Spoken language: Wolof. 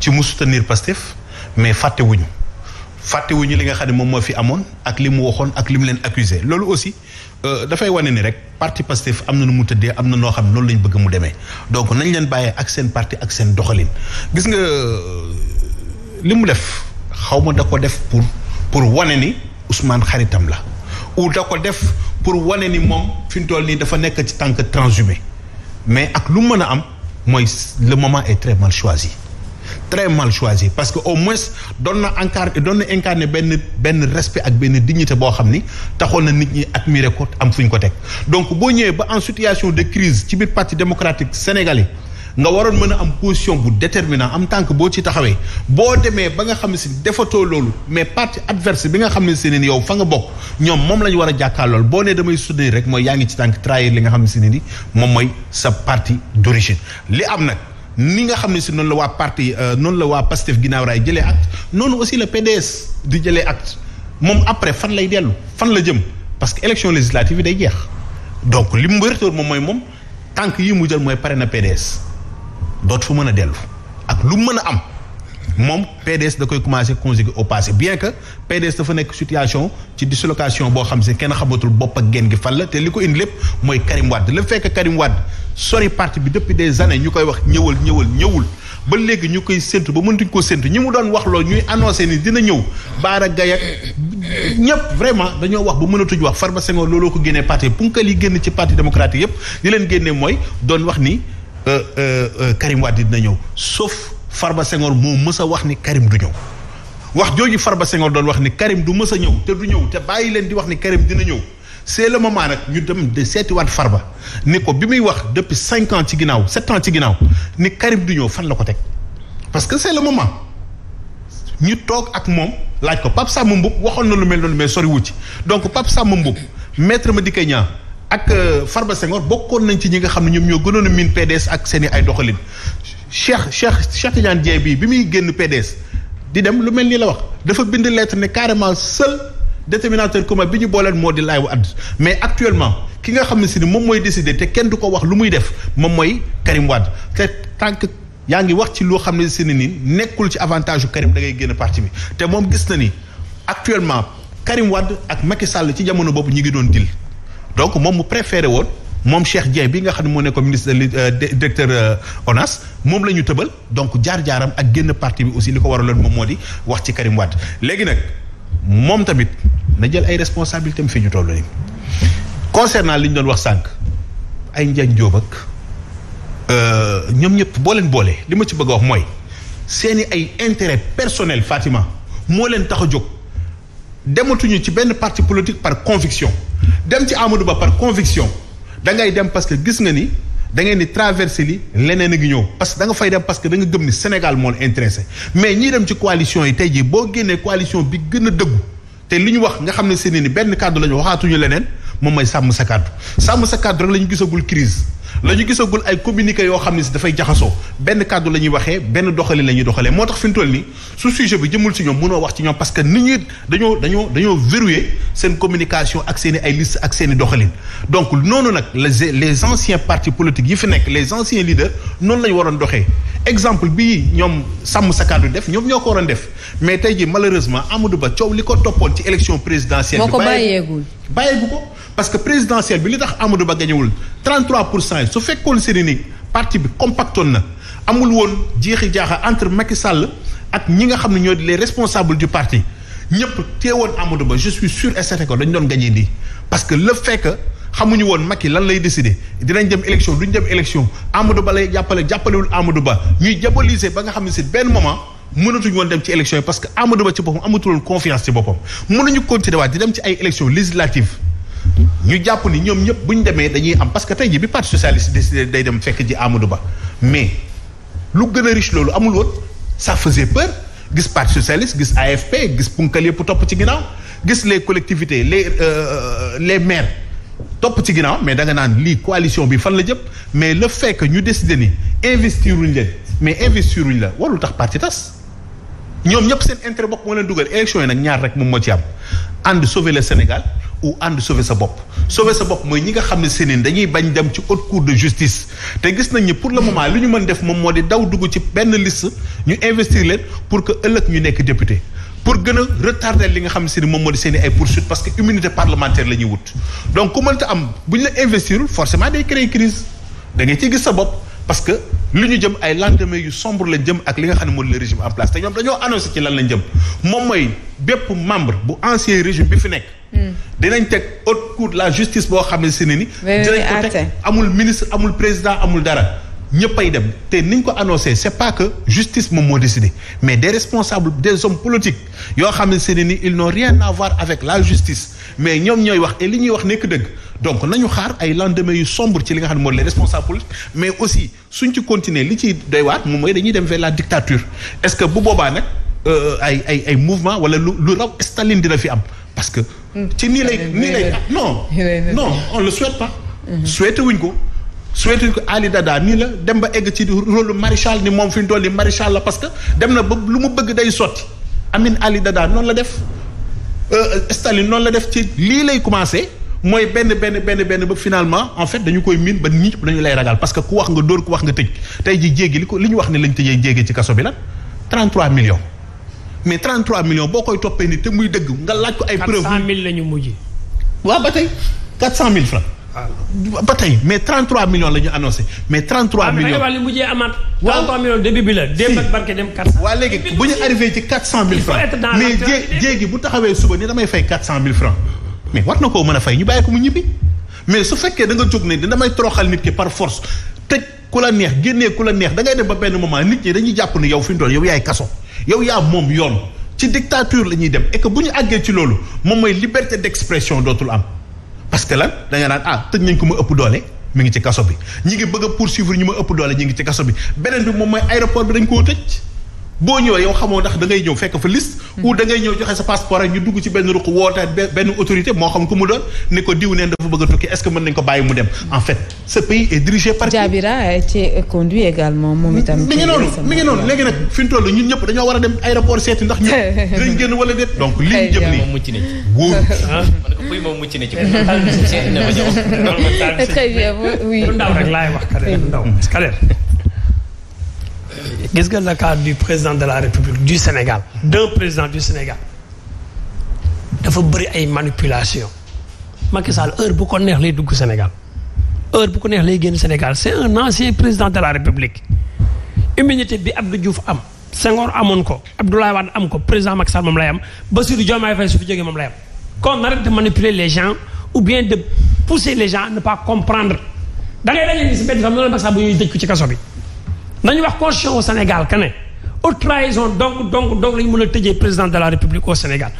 ci mu soutenir Pastef mais fàttewuñu fàttewuñu li nga xam ne moom moo fi amoon ak li mu waxoon ak li mu leen accusé loolu aussi euh, dafay wane ni rek parti Pastef am na nu mu tëddee am na noo xam noonu lañu bëgg mu demee donc nañu leen bàyyee ak seen parti ak seen doxalin gis nga euh, li mu def xaw ma da ko def pour pour wane ni Ousmane xaritam la ou da ko def pour wane ni moom fi mu toll nii dafa nekk ci tànk transhumé mais ak lu mën a am mooy le moment est très mal très mal choisi parce que au moins doon na encadre doon na incarné benn benn respect ak benn dignité boo xam ni taxoon na nit ñi admirer ko am fu ñu ko teg donc boo ñëwee ba en situation de crise ci biir parti démocratique sénégalais nga waroon mën a am position bu déterminant am tànk boo ci taxawee boo demee ba nga xam ne si defatoo loolu mais parti adverse bi nga xam ne si yow fa nga bokk ñoom moom lañu war a jàkkaarlool boo nee damay soutenir rek mooy yaa ngi ci tànk trahir li nga xam ne si ne moom mooy sa parti d'origine li am nag ni nga xam ne si noonu la waa parti euh, noonu la waa Pastef ginnaaw raay jëlee acte noonu aussi la PDS di jëlee acte moom après fan lay dellu fan la jëm parce que élection législative yi day jeex donc li mu wértoor moom mooy moom tànk yi mu jël mooy pare na PDS dootu fa mën a dellu ak lu mën a am moom PDS da koy commencé conjuguer au bien que PDS dafa nekk situation ci dislocation boo xam si kenn xamatul bopp ak gi fan la te li ko indi lépp mooy Karim Wade fekk fait que Karim Wade sori parti bi depuis des années ñu koy wax ñëwal ñëwal ñëwul ba léegi ñu koy séntu ba mëntuñ ko séntu ñi mu doon wax loolu ñuy annoncé ni dina ñëw Baara Gaye ak ñëpp vraiment dañoo wax ba mënatuñ wax Farba Senghor looloo ko génnee parti punkal yi génn ci parti démocratique yëpp li leen génnee mooy doon wax ni euh, euh, euh, Karim Wade dina ñëw sauf far ba Senghor moo mës a wax ni Karim du ñëw wax jooju ba Senghor doon wax ni Karim du mës a ñëw te du ñëw te bàyyi leen di wax ni Karim dina ñëw c'est le moment nag ñu dem de far ba ni ko bi muy wax depuis cinq ans ci ginnaaw sept ans ci ginnaaw ni Karim du ñëw fan la ko teg parce que c'est le moment ñu toog ak moom laaj ko Pape sàmm Mboup waxoon na lu mel noonu mais soriwu ci donc Pape Samba Mboup maître Madické Niang ak euh, ba Senghor bokkoon nañ ci ñi nga xam ne ñoom ñoo gënoon a miin PDS ak seen i ay doxalin Cheikh Cheikh Cheikh Tidiane Dieng bii bi muy génn PDS di dem lu mel nii la wax dafa bind lettre ne carrément seul déterminateur commun bi ñu booleel moo di laay wadd mais actuellement ki nga xam ne si ni moom mooy décider te kenn du ko wax lu muy def moom mooy Karim te tant que yaa ngi wax ci loo xam ne si ni nekkul ci avantage yu Karim da ngay génn parti bi te moom gis na ni actuellement Karim ak Macky Sall ci jamono boobu ñu ngi doon dil donc moom mu préféré woon. moom Cheikh Dieng bi nga xam ne moo nekkoon ministre euh, directeur euh, ONAS moom la ñu tëbal donc jaar-jaaram ak génn parti bi aussi li ko war waraloon moom moo di wax ci Karim Wade léegi nag moom tamit na jël ay responsabilités am fi ñu toll nii concernant li ñu doon wax sànq ay Ndiagne Diop ak euh, ñoom ñëpp boo leen boole li ma ci bëgg a wax mooy seeni ay intérêt personnel Fatima moo leen tax a jóg dematuñu ci benn parti politique par conviction dem ci Amadou Ba par conviction. da ngay dem parce que gis nga ni da ngeen di traversé li leneen a ñëw parce que da nga fay dem parce que da nga gëm ni Sénégal moo la intéressé mais ñii dem ci coalition yi tey jii boo génnee coalition bi gën a dëggu te li ñu wax nga xam ne seen ni benn kàddu lañu ñu waxaatuñu leneen. moom may sàmm sa kàddu sàmm sa kàddu rek la gisagul crise la ñu gisagul ay communiqué yoo xam ne si dafay jaxasoo benn kàddu la ñuy waxee benn doxalin la ñuy doxalee moo tax fi mu toll nii su sujet bi jëmul si ñoom mënoo wax ci ñoom parce que nit ñi dañoo dañoo dañoo verrouillé seen communication ak seen i ay liste ak seeni doxalin donc noonu nag les les anciens partis politiques yi fi nekk les anciens leaders noonu la ñu waroon doxee exemple bii ñoom sàmm sa kàddu def ñoom ñoo ko waroon def mais tey jii malheureusement Amadou Ba coow li ko toppoon ci élection présidentielle. moo ko bàyyeegul bàyyeegu ko. parce que présidentielle bi li tax Amadou Ba gañewul 33 pour cent yi su fekkoon se ni parti bi compactoon na amul woon jeexi jaaxa entre Macky sàll ak ñi nga xam ne ñoo di les responsables parti ñëpp teewoon Amadou Ba je suis sûr doon gagné nii parce que le fait que xamuñu woon Macky lan lay décider dinañ dem élection duñ dem élection Amadou Ba lay jàppale jàppalewul Amadou Ba ñuy diaboliser ba nga xam ne si benn moment mënatuñu woon ci élection yi parce que Amadou Ba ci boppam amatuloon confiance ci boppam mënuñu continuer di dem ci ay élection législative ñu jàpp ni ñoom ñëpp bu ñu demee dañuy am parce que tey ji bi parti socialiste décidé day dem fekk ji Amadou Ba mais lu gën a riche loolu amul woon ça faisait peur gis parti socialiste gis AFP gis punkal yëpp topp ci ginnaaw gis lee collectivités les euh, euh, les maires topp ci ginnaaw mais da nga naan lii coalition bi fan la jëm mais le fekk que ñu décidé ni investiruñ leen mais investiruñ la wallu tax parti tas ñoom ñëpp seen intérêt bopp moo leen dugal élection yi nag ñaar rek moom moo ci am ànd sauver Sénégal. ou ànd sauver sa bopp sauver sa bopp mooy ñi nga xam ne seeni dañuy bañ dem ci haute cour de justice te gis nañ ni pour le moment li ñu mën def moom moo di daw dugg ci benn list ñu investir leen pour que ëllëg ñu nekk député pour gën a retarder li nga xam ne moom moo di seeni ay poursuites parce que immunité parlementaire la ñuy wut donc ku mënta am bu ñu la investirul forcément day créer crise da ngay ciy gis sa bopp parce que lu ñu jëm ay lendemain yu sombre lañ jëm ak li nga xam ne moo di le régime en place ci lan lañ jëm moom mooy bépp membre bu ancien régime bi fi nekk Mm. dinañ teg haute cour la justice boo xam ne si ne ni. dinañ ko teg amul ministre amul président amul dara. ñëpp ay dem te ni ñu ko annoncé c'est pas que justice moom moo décidé mais des responsables des hommes politiques yoo xam ne si ne ni ils n'ont rien à voir avec la justice mais ñoom ñooy wax et li ñuy wax nekk dëgg donc nañu xaar ay lendemain yu sombre ci li nga xam ne mooy les responsables politiques mais aussi suñ ci continuer li ci doy waat moom mooy dañuy dem vers la dictature est-ce que bu boobaa nag euh, ay ay mouvement wala lu lu raw Staline dina fi am parce que ci nii lay nii lay non non on le souhaite pas ko souhaité wuñ ko Ali Dada nii la dem ba egg ci rôle maréchal ni moom fi ñu toll ni maréchal la parce que dem na ba lu mu bëgg day sotti Amin Ali Dada noonu la def euh, Staline noon la def ci lii lay commencé mooy benn benn benn benn ba finalement en fait dañu koy miin ba nit ñëpp dañu lay ragal parce que ku wax nga dóor ku wax nga tëj tey ji jéegi li ko li ñu wax ni lañ tëjee jéegi ci kaso bi lan 33 millions mais 33 millions boo koy toppee ni te muy dëgg nga laaj ko ay preuve 400000 la ñu mujj. waaw ba tey 400000 francs. ba tey mais 33 millions la ñu annoncé mais 33 millions waaw mais li mujjee amaat. 33 millions début bi la. démb ak barke dem 400. waa bu ñu arrivé ci 400000 francs mais jé jéegi bu taxawee suba ni damay fay 400000 francs mais war na koo mën a fay ñu bàyyi ko mu ñibbi mais su fekkee da nga jóg ne damay toroxal nit ki par force tëj neex génnee ku la neex da ngay yow yaa moom yoon ci dictature la ñuy dem et bu ñu àggee ci loolu moom mooy liberté d'expression dootul am parce que lan da nga naan ah tëj nañ ko ma ëpp doole mu ngi ci kaso bi ñi ngi bëgg pour poursuivre ñu ma ëpp doole ñu ngi ci kaso bi beneen bi moom mooy aéroport bi dañ koo tëj. boo ñëwee yow xamoo ndax da ngay ñëw fekk fa liste. Mm-hmm. ou da ñëw joxe sa passeport rek ñu dugg ci benn ruq woote benn autorité moo xam ku mu doon ne ko diw neen dafa bëgg a tukki est-ce conduit également moom itam. mi ngi noonu mi ngi noonu léegi nag fi ñu toll ñun ñëpp dañoo war a dem aéroport seeti ndax ñun. dinañ génn wala déet donc li ñu jëm nii. mucc na ah, laay wax Kader ndaw mm. gis nga le cas du président de la république du Sénégal d'un président du Sénégal dafa bëri ay manipulation Macky Sall heure bu ko neex lay dugg Sénégal heure bu ko neex lay génn Sénégal c'est un ancien président de la république immunité bi Abdou Diouf am sengor amoon ko Abdoulaye Wade am ko président Macky Sall moom lay am Bassirou Diomaye Faye su fi jógee moom lay am qu'on arrête de manipuler les gens ou bien de pousser les gens à ne pas comprendre da ngay bu ñuy dëj ci kaso bi nañu wax constitution au Sénégal que ne haute trahison donc donc donc la ñu mën a tëjee président de la République au Sénégal.